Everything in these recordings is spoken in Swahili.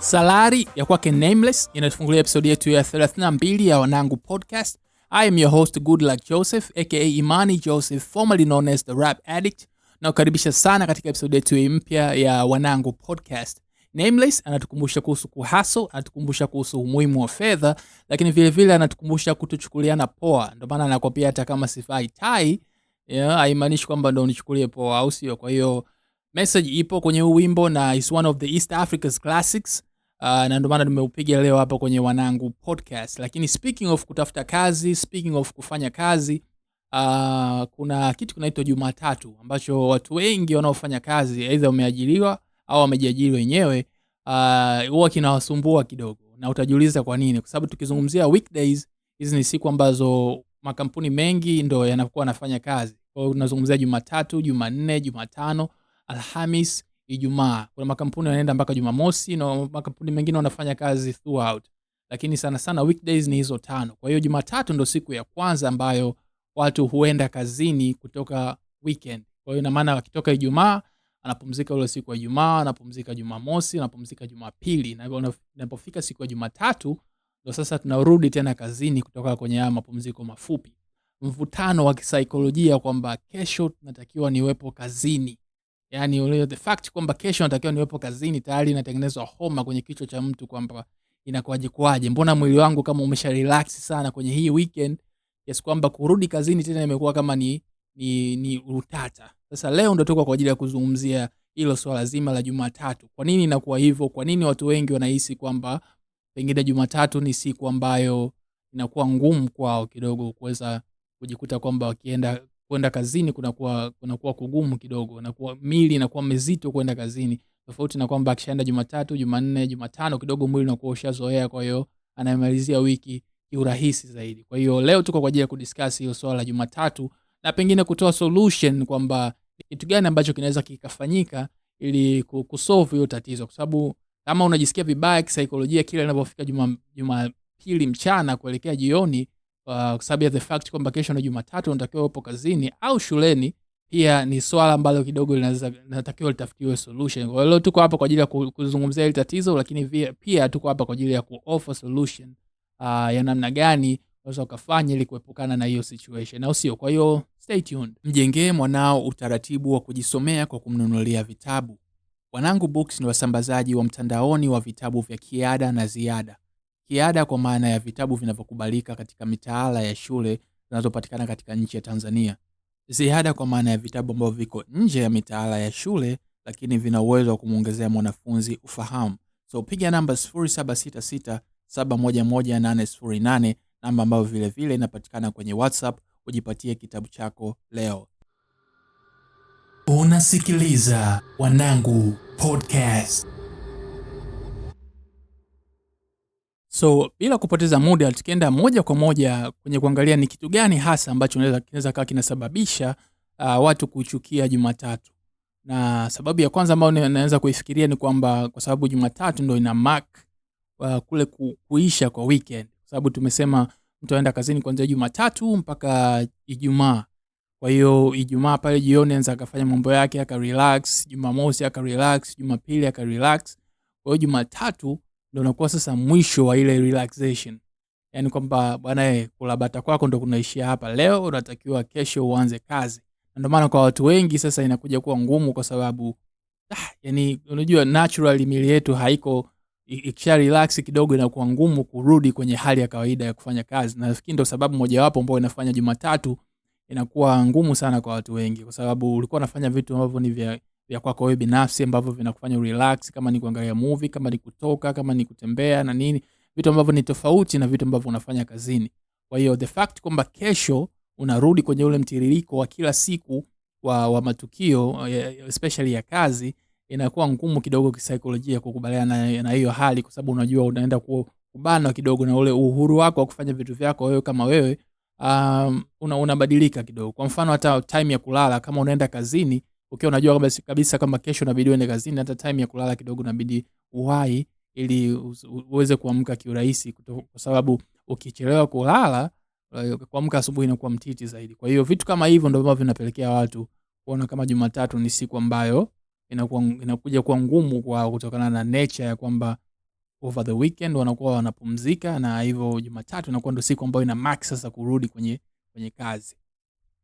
Salari ya kwake Nameless inatufungulia episodi yetu ya 32 ya Wanangu Podcast. I am your host Good Luck Joseph aka Imani Joseph formerly known as the Rap Addict. Nakukaribisha sana katika episodi yetu mpya ya Wanangu Podcast. Nameless anatukumbusha kuhusu kuhaso, anatukumbusha kuhusu umuhimu wa fedha, lakini vilevile anatukumbusha kutochukuliana poa. Ndio maana anakwambia hata kama sifai tai, yeah, haimaanishi kwamba ndo unichukulie poa, au sio? Kwa hiyo message ipo kwenye huu wimbo na is one of the East Africa's classics uh, na ndio maana nimeupiga leo hapa kwenye Wanangu Podcast. Lakini speaking of kutafuta kazi, speaking of kufanya kazi uh, kuna kitu kinaitwa Jumatatu ambacho watu wengi wanaofanya kazi aidha wameajiriwa au wamejiajiri wenyewe ah, huwa uh, kinawasumbua kidogo, na utajiuliza kwa nini, kwa sababu tukizungumzia weekdays, hizi ni siku ambazo makampuni mengi ndo yanakuwa yanafanya kazi. Kwa hiyo tunazungumzia Jumatatu, Jumanne, Jumatano, Alhamis Ijumaa. Kuna makampuni yanaenda mpaka Jumamosi na no, makampuni mengine wanafanya kazi throughout, lakini sana sana weekdays ni hizo tano. Kwa hiyo Jumatatu ndo siku ya kwanza ambayo watu huenda kazini kutoka weekend. Kwa hiyo ina maana wakitoka Ijumaa anapumzika ule siku ya jumaa anapumzika Jumamosi, anapumzika Jumapili, na inapofika siku ya Jumatatu ndo sasa tunarudi tena kazini kutoka kwenye haya mapumziko mafupi. Mvutano wa kisaikolojia kwamba kesho tunatakiwa niwepo kazini yani the fact kwamba kesho natakiwa niwepo kazini, tayari inatengenezwa homa kwenye kichwa cha mtu kwamba inakuaje kwaje, mbona mwili wangu kama umesha relax sana kwenye hii weekend yes kwamba kurudi kazini tena imekuwa kama ni, ni, ni utata. Sasa leo ndo tuko kwa ajili ya kuzungumzia hilo swala zima la Jumatatu. Kwa nini inakuwa hivyo? Kwa nini watu wengi wanahisi kwamba pengine Jumatatu ni siku ambayo inakuwa ngumu kwao kidogo kuweza kujikuta kwamba wakienda kwenda kazini kunakuwa kunakuwa kugumu kidogo, nakuwa mili inakuwa mezito kwenda kazini, tofauti na kwamba akishaenda Jumatatu, Jumanne, Jumatano kidogo mwili unakuwa ushazoea, kwa hiyo anamalizia wiki kiurahisi zaidi. Kwa hiyo leo tuko kwa ajili ya kudiskas hiyo swala la Jumatatu na pengine kutoa solution kwamba kitu gani ambacho kinaweza kikafanyika ili kusolve hiyo tatizo, kwa sababu kama unajisikia vibaya kisaikolojia kile inavyofika Jumapili juma mchana kuelekea jioni Uh, kwa sababu ya the fact kwamba kesho ni Jumatatu, unatakiwa upo kazini au shuleni, pia ni swala ambalo kidogo linatakiwa litafutiwe solution. Kwa hiyo tuko hapa kwa ajili ya kuzungumzia hili tatizo, lakini pia tuko hapa kwa ajili ya kuoffer solution uh, ya namna gani unaweza ukafanya ili kuepukana na hiyo situation, au sio? Kwa hiyo stay tuned, mjengee mwanao utaratibu wa kujisomea kwa kumnunulia vitabu. Wanangu Books ni wasambazaji wa mtandaoni wa vitabu vya kiada na ziada kiada kwa maana ya vitabu vinavyokubalika katika mitaala ya shule zinazopatikana katika nchi ya Tanzania, ziada kwa maana ya vitabu ambavyo viko nje ya mitaala ya shule lakini vina uwezo wa kumwongezea mwanafunzi ufahamu. So piga namba 0766711808 namba ambayo vilevile inapatikana kwenye WhatsApp ujipatie kitabu chako leo. Unasikiliza Wanangu Podcast. So bila kupoteza muda, tukienda moja kwa moja kwenye kuangalia ni kitu gani hasa ambacho kinaweza kawa kinasababisha uh, watu kuchukia Jumatatu. Na sababu ya kwanza ambayo naweza kuifikiria ni kwamba kwa sababu Jumatatu ndo ina mark uh, kule ku, kuisha kwa weekend, kwa sababu tumesema mtu aenda kazini kuanzia Jumatatu mpaka Ijumaa. Kwa hiyo Ijumaa pale jioni anaweza akafanya mambo yake aka Jumamosi aka Jumapili aka relax. Kwa hiyo Jumatatu ndo unakuwa sasa mwisho wa ile relaxation, yani kwamba bwana, eh, kulabata kwako ndo kunaishia hapa. Leo unatakiwa kesho uanze kazi, na ndo maana kwa watu wengi sasa inakuja kuwa ngumu, kwa sababu ah, yani unajua naturally mili yetu haiko ikisha relax kidogo inakuwa ngumu kurudi kwenye hali ya kawaida ya kufanya kazi, na nafikiri ndo sababu mojawapo ambao inafanya Jumatatu inakuwa ngumu sana kwa watu wengi, kwa sababu ulikuwa unafanya vitu ambavyo ni vya vya kwako wewe binafsi ambavyo vinakufanya relax, kama ni kuangalia movie, kama ni kutoka, kama ni kutembea na nini, vitu ambavyo ni tofauti na vitu ambavyo unafanya kazini. Kwa hiyo the fact kwamba kesho unarudi kwenye ule mtiririko wa kila siku wa, wa matukio eh, especially ya kazi inakuwa ngumu kidogo kisaikolojia kukubaliana na na hiyo hali, kwa sababu unajua unaenda kubanwa kidogo na ule uhuru wako wa kufanya vitu vyako wewe kama wewe. Um, unabadilika una, kidogo. Kwa mfano hata time ya kulala, kama unaenda kazini ukiwa okay, unajua kabisa kama kesho unabidi uende kazini, hata time ya kulala kidogo unabidi uwai ili uweze kuamka kiurahisi, kwa sababu ukichelewa kulala eh, kuamka asubuhi inakuwa mtiti zaidi. Kwa hiyo vitu kama hivyo ndio ambavyo vinapelekea watu kuona kama Jumatatu ni siku ambayo inakuwa inakuja kuwa ngumu kwao kutokana na nature ya kwamba over the weekend wanakuwa wanapumzika, na hivyo Jumatatu inakuwa ndio siku ambayo ina max sasa kurudi kwenye kwenye kazi.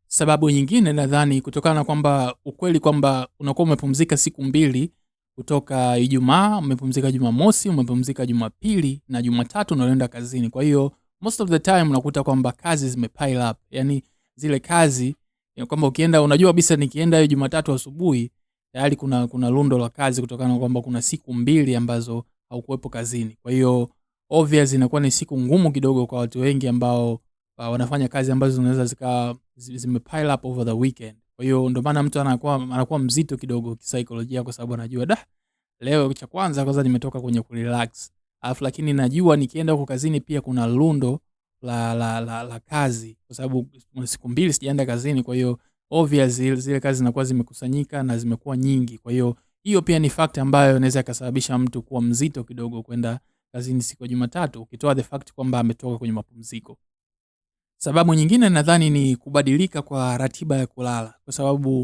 Sababu nyingine nadhani kutokana na kwamba ukweli kwamba unakuwa umepumzika siku mbili kutoka Ijumaa, umepumzika Jumamosi, umepumzika Jumapili na Jumatatu unaenda kazini. Kwa hiyo most of the time unakuta kwamba kazi zime pile up, yani zile kazi kwamba ukienda, unajua kabisa nikienda hiyo Jumatatu asubuhi tayari kuna kuna lundo la kazi kutokana na kwamba kuna siku mbili ambazo haukuwepo kazini. Kwa hiyo obvious inakuwa ni siku ngumu kidogo kwa watu wengi ambao uh, wanafanya kazi ambazo zinaweza zikawa zimepile up over the weekend. Kwa hiyo ndo maana mtu anakuwa anakuwa mzito kidogo kisaikolojia, kwa sababu anajua da, leo cha kwanza kwanza nimetoka kwenye kurelax, alafu lakini najua nikienda huko kazini pia kuna lundo la, la, la, la kazi, kwa sababu siku mbili sijaenda kazini. Kwa hiyo obviously zile kazi zinakuwa zimekusanyika na zimekuwa nyingi, kwa hiyo hiyo pia ni fact ambayo inaweza ikasababisha mtu kuwa mzito kidogo kwenda kazini siku ya Jumatatu, ukitoa the fact kwamba ametoka kwenye mapumziko. Sababu nyingine nadhani ni kubadilika kwa ratiba ya kulala, kwa sababu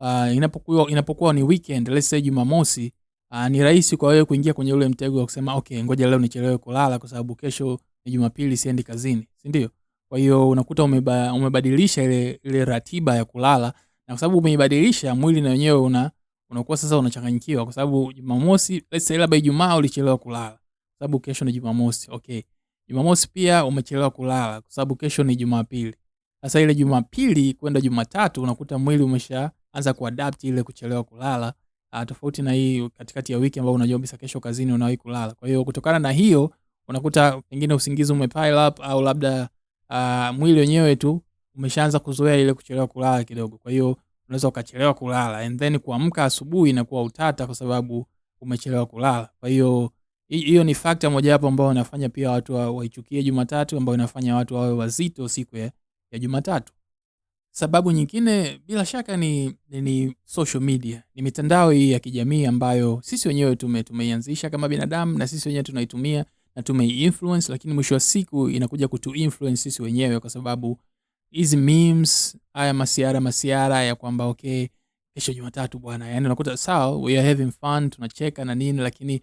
uh, inapokuwa, inapokuwa ni weekend, let's say Jumamosi, uh, ni rahisi kwa wewe kuingia kwenye ule mtego wa kusema okay, ngoja leo nichelewe kulala kwa sababu kesho ni Jumapili, siendi kazini, si ndio? Kwa hiyo unakuta umeba, umebadilisha ile, ile ratiba ya kulala, na kwa sababu umeibadilisha, mwili na wenyewe una unakuwa sasa unachanganyikiwa, kwa sababu Jumamosi, let's say labda Ijumaa ulichelewa kulala, sababu kesho ni Jumamosi, okay Jumamosi pia umechelewa kulala kwa sababu kesho ni Jumapili. Sasa ile Jumapili kwenda Jumatatu unakuta mwili umeshaanza kuadapt ile kuchelewa kulala, ah, tofauti na hii katikati ya wiki ambayo unajua kesho kazini unawahi kulala. Kwa hiyo kutokana na hiyo unakuta pengine usingizi umepile up au labda uh, mwili wenyewe tu umeshaanza kuzoea ile kuchelewa kulala kidogo. Kwa hiyo unaweza ukachelewa kulala and then kuamka asubuhi inakuwa utata kwa sababu umechelewa kulala. Kwa hiyo hiyo ni factor mojawapo ambayo inafanya pia watu waichukie Jumatatu, ambayo inafanya watu wawe wazito siku ya, ya Jumatatu. Sababu nyingine bila shaka ni, ni, ni social media, ni mitandao hii ya kijamii ambayo sisi wenyewe tume tumeianzisha kama binadamu na sisi wenyewe tunaitumia na tumeiinfluence, lakini mwisho wa siku inakuja kutuinfluence sisi wenyewe, kwa sababu hizi memes, haya masiara masiara ya kwamba okay, kesho Jumatatu bwana, yani unakuta sawa, we are having fun, tunacheka na nini, lakini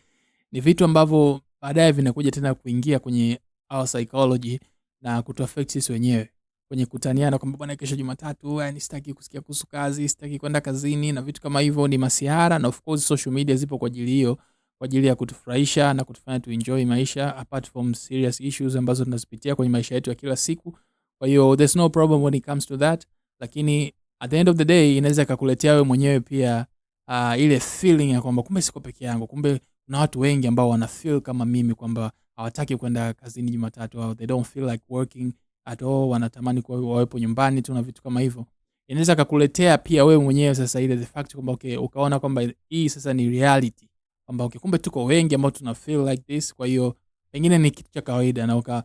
ni vitu ambavyo baadaye vinakuja tena kuingia kwenye our psychology na kutuaffect sisi wenyewe kwenye kutaniana kwamba bwana, kesho Jumatatu yani sitaki kusikia kuhusu kazi, sitaki kwenda kazini na vitu kama hivyo. Ni masihara, na of course social media zipo kwa ajili hiyo, kwa ajili ya kutufurahisha na kutufanya tu enjoy maisha, apart from serious issues ambazo tunazipitia kwenye maisha yetu ya kila siku. Kwa hiyo there's no problem when it comes to that, lakini at the end of the day inaweza ikakuletea wewe mwenyewe pia uh, ile feeling ya kwamba kumbe siko peke yangu, kumbe kuna watu wengi ambao wana feel kama mimi kwamba hawataki kwenda kazini Jumatatu au they don't feel like working at all, wanatamani kuwa wawepo nyumbani tu na vitu kama hivyo. Inaweza kakuletea pia wewe mwenyewe sasa ile the fact kwamba okay, ukaona kwamba hii sasa ni reality kwamba okay, kumbe tuko wengi ambao tuna feel like this. Kwa hiyo pengine ni kitu cha kawaida na uka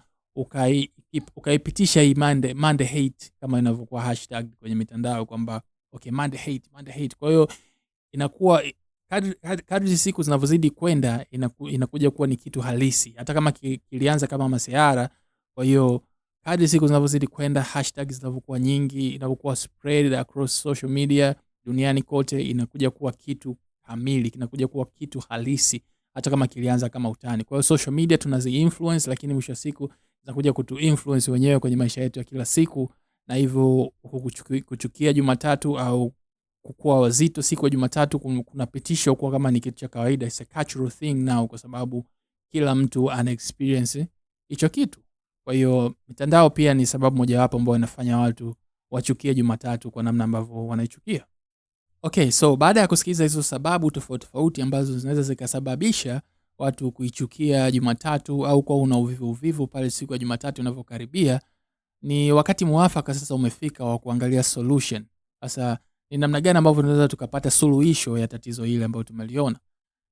ukaipitisha hii mande mande hate kama inavyokuwa hashtag kwenye mitandao kwamba okay, mande hate, mande hate. Kwa hiyo inakuwa kadri, siku zinavyozidi kwenda inaku, inakuja kuwa ni kitu halisi, hata kama kilianza kama masiara. Kwa hiyo kadri siku zinavyozidi kwenda, hashtag zinavyokuwa nyingi, inavyokuwa spread across social media duniani kote, inakuja kuwa kitu kamili, kinakuja kuwa kitu halisi, hata kama kilianza kama utani. Kwa hiyo social media tunazi influence, lakini mwisho wa siku zinakuja kutu influence wenyewe kwenye maisha yetu ya kila siku, na hivyo kuchukia Jumatatu au kukuwa wazito siku ya Jumatatu kunapitishwa kuwa kama ni kitu cha kawaida, it's a cultural thing now, kwa sababu kila mtu ana experience hicho kitu. Kwa hiyo mitandao pia ni sababu mojawapo ambayo inafanya watu wachukie Jumatatu kwa namna ambavyo wanaichukia. Okay, so baada ya kusikiliza hizo sababu tofauti tofauti ambazo zinaweza zikasababisha watu kuichukia Jumatatu au kuwa una uvivu uvivu pale siku ya Jumatatu inavyokaribia, ni wakati mwafaka sasa umefika wa kuangalia solution. Sasa ni namna gani ambavyo tunaweza tukapata suluhisho ya tatizo hili ambayo tumeliona.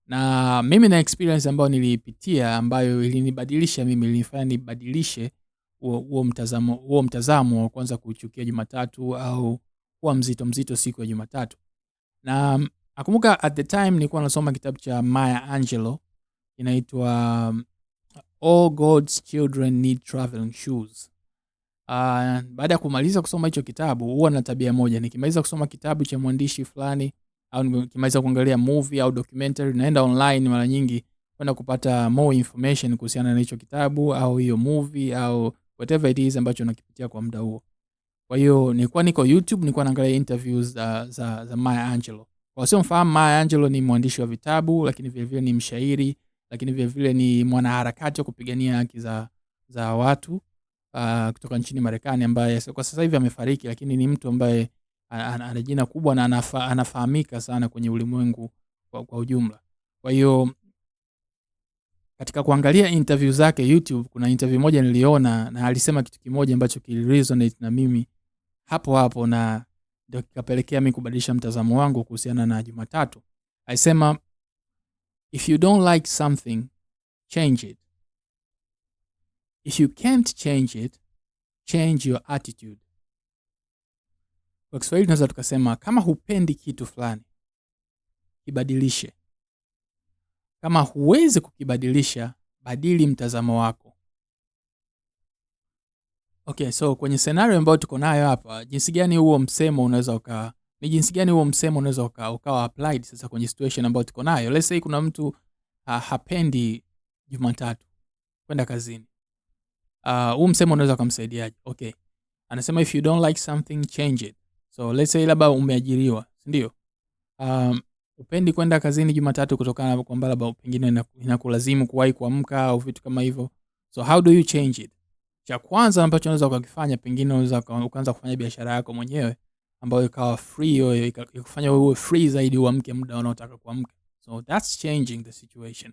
Na mimi na experience ambayo niliipitia ambayo ilinibadilisha mimi, ilinifanya nibadilishe huo mtazamo huo mtazamo wa kwanza kuchukia Jumatatu au kuwa mzito mzito siku ya Jumatatu. Na akumbuka at the time nilikuwa nasoma kitabu cha Maya angelo inaitwa All God's Children Need Traveling Shoes. Uh, baada ya kumaliza kusoma hicho kitabu huwa na tabia moja, nikimaliza kusoma kitabu cha mwandishi fulani au nikimaliza kuangalia movie au documentary, naenda online mara nyingi kwenda kupata more information kuhusiana na hicho kitabu au hiyo movie au whatever it is ambacho nakipitia kwa muda huo. Kwa hiyo nilikuwa niko YouTube, nilikuwa naangalia interviews za, za, za Maya Angelou. Kwa mfahamu, Maya Angelou ni mwandishi wa vitabu, lakini vile vile ni mshairi, lakini vile vile ni mwanaharakati wa kupigania haki za, za watu uh, kutoka nchini Marekani ambaye kwa sasa hivi amefariki, lakini ni mtu ambaye ana jina kubwa na anafa, anafahamika sana kwenye ulimwengu kwa, kwa ujumla. Kwa hiyo katika kuangalia interview zake YouTube, kuna interview moja niliona na alisema kitu kimoja ambacho kiliresonate na mimi hapo hapo, na ndio kikapelekea mimi kubadilisha mtazamo wangu kuhusiana na Jumatatu. Alisema if you don't like something change it If you can't change it, change your attitude. Kwa Kiswahili tunaweza tukasema kama hupendi kitu fulani kibadilishe. Kama huwezi kukibadilisha, badili mtazamo wako. Okay, so kwenye scenario ambayo tuko nayo hapa, jinsi gani huo msemo unaweza uka ni jinsi gani huo msemo unaweza uka, ukawa applied sasa kwenye situation ambayo tuko nayo. Let's say kuna mtu ha, hapendi Jumatatu kwenda kazini Uh, huu uh, msemo unaweza kumsaidiaje? Okay. Anasema if you don't like something change it. So let's say labda umeajiriwa, si ndio? Um, upendi kwenda kazini Jumatatu kutokana na kwamba labda pengine inakulazimu kuwahi kuamka au vitu kama hivyo. So how do you change it? Cha kwanza ambacho unaweza ukakifanya, pengine unaweza ukaanza kufanya biashara yako mwenyewe ambayo ikawa free, hiyo ikufanya wewe free zaidi, uamke muda unaotaka kuamka. So that's changing the situation.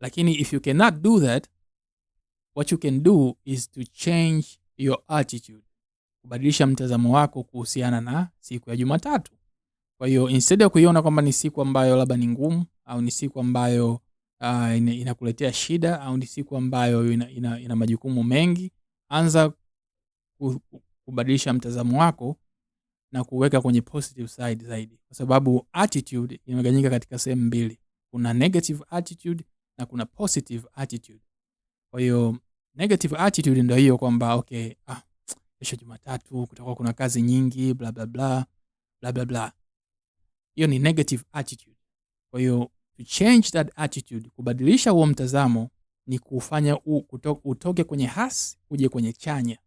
Lakini if you cannot do that what you can do is to change your attitude, kubadilisha mtazamo wako kuhusiana na siku ya Jumatatu. Kwa hiyo instead ya kuiona kwamba ni siku ambayo labda ni ngumu au ni siku ambayo uh, inakuletea shida au ni siku ambayo ina, ina, ina majukumu mengi, anza kubadilisha mtazamo wako na kuweka kwenye positive side zaidi, kwa sababu attitude imeganyika katika sehemu mbili, kuna negative attitude na kuna positive attitude. Kwa hiyo negative attitude ndio hiyo kwamba okay, ah, kesho Jumatatu kutakuwa kuna kazi nyingi bla bla bla bla bla bla. Hiyo ni negative attitude. Kwa hiyo to change that attitude, kubadilisha huo mtazamo ni kufanya u, kuto, utoke kwenye hasi uje kwenye chanya.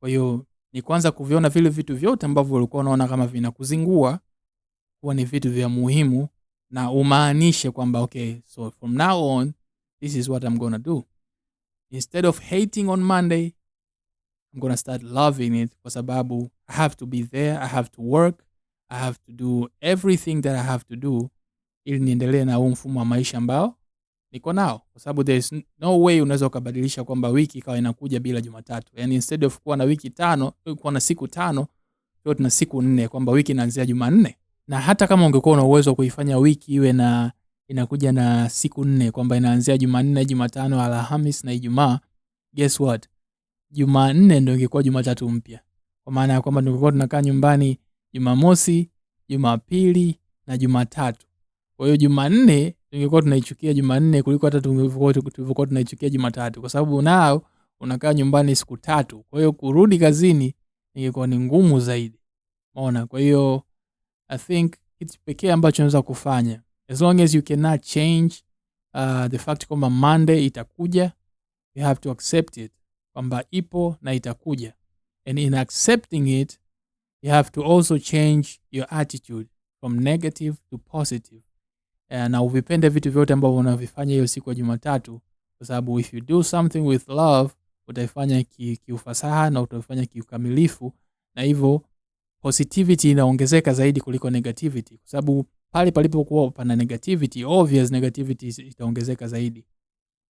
Kwa hiyo ni kwanza kuviona vile vitu vyote ambavyo ulikuwa unaona kama vinakuzingua kuwa ni vitu vya muhimu na umaanishe kwamba okay, so from now on this is what I'm gonna do. Instead of hating on Monday, I'm gonna start loving it kwa sababu I have to be there, I have to work, I have to do everything that I have to do ili niendelee na huu mfumo wa maisha ambao niko nao, kwa sababu there is no way unaweza ukabadilisha kwamba wiki ikawa inakuja bila Jumatatu. Yani instead of kuwa na wiki tano, kuwa na siku tano, leo tuna siku nne, kwamba wiki inaanzia Jumanne, na hata kama ungekuwa una uwezo wa kuifanya wiki iwe na inakuja na siku nne kwamba inaanzia Jumanne, Jumatano, Alhamis na Ijumaa. Guess what, Jumanne ndo ingekuwa Jumatatu mpya, kwa maana ya kwamba tungekuwa tunakaa nyumbani Jumamosi, Jumapili na Jumatatu. Kwa hiyo Jumanne tungekuwa tunaichukia Jumanne kuliko hata tulivyokuwa tunaichukia Jumatatu, kwa sababu nao unakaa nyumbani siku tatu. Kwa hiyo kurudi kazini ingekuwa ni ngumu zaidi, umeona. Kwa hiyo I think kitu pekee ambacho naweza kufanya as long as you cannot change uh, the fact kwamba Monday itakuja, you have to accept it kwamba ipo na itakuja, and in accepting it you have to also change your attitude from negative to positive. Uh, na uvipende vitu vyote ambavyo unavifanya hiyo siku ya Jumatatu, kwa sababu if you do something with love utaifanya kiufasaha ki na utaifanya kiukamilifu, na hivyo positivity inaongezeka zaidi kuliko negativity, kwa sababu pale palipokuwa pana negativity, obvious negativity itaongezeka zaidi,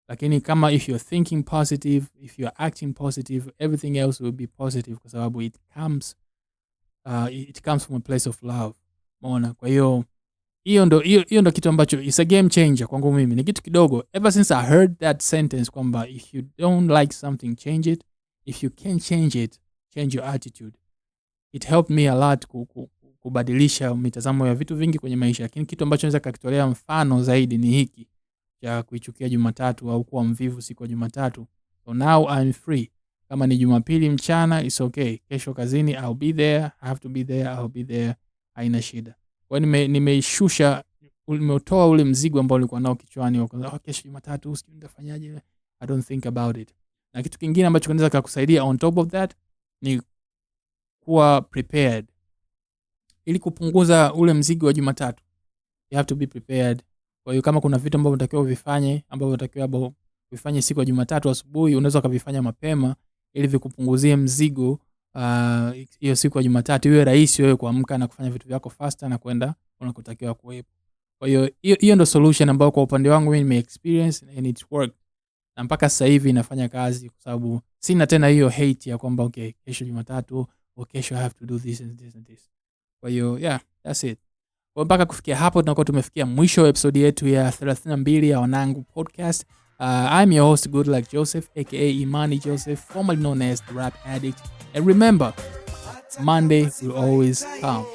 lakini kama if youare thinking positive, if youare acting positive, everything else will be positive, kwa sababu it comes, uh, it comes from a place of love. Umeona? Kwa hiyo hiyo ndo hiyo ndo kitu ambacho is a game changer kwangu mimi, ni kitu kidogo. Ever since I heard that sentence kwamba if you don't like something change it, if you can change it change your attitude, it helped me a lot kubadilisha mitazamo ya vitu vingi kwenye maisha, lakini kitu ambacho naweza kakitolea mfano zaidi ni hiki cha kuichukia Jumatatu au kuwa mvivu siku ya Jumatatu. So now I'm free. Kama ni Jumapili mchana it's okay. Kesho kazini I'll be there. I have to be there. I'll be there. Haina shida. Kwa nime nimeishusha nimetoa ule mzigo ambao ulikuwa nao kichwani wa kwanza, oh, kesho Jumatatu usiku nitafanyaje? I don't think about it. Na kitu kingine ambacho kinaweza kukusaidia on top of that ni kuwa prepared ili kupunguza ule mzigo wa Jumatatu. You have to be prepared. Kwa hiyo kama kuna vitu ambavyo unatakiwa uvifanye ambavyo unatakiwa uvifanye siku ya Jumatatu asubuhi, unaweza ukavifanya mapema ili vikupunguzie mzigo ah, hiyo uh, siku ya Jumatatu iwe rahisi wewe kuamka na kufanya vitu vyako faster na kwenda unakotakiwa kuwepo. Kwa hiyo hiyo ndio solution ambayo kwa upande wangu mimi nime experience and it worked. Na mpaka sasa hivi inafanya kazi kwa sababu sina tena hiyo hate ya kwamba okay, kesho Jumatatu, okay, oh, kesho I have to do this and this and this. Kwa hiyo yeah, that's it. Kwa mpaka kufikia hapo tunakuwa tumefikia mwisho wa episode yetu ya 32 ya Wanangu Podcast. Uh, I'm your host Good Luck Joseph aka Imani Joseph, formerly known as the Rap Addict. And remember, Monday will always come.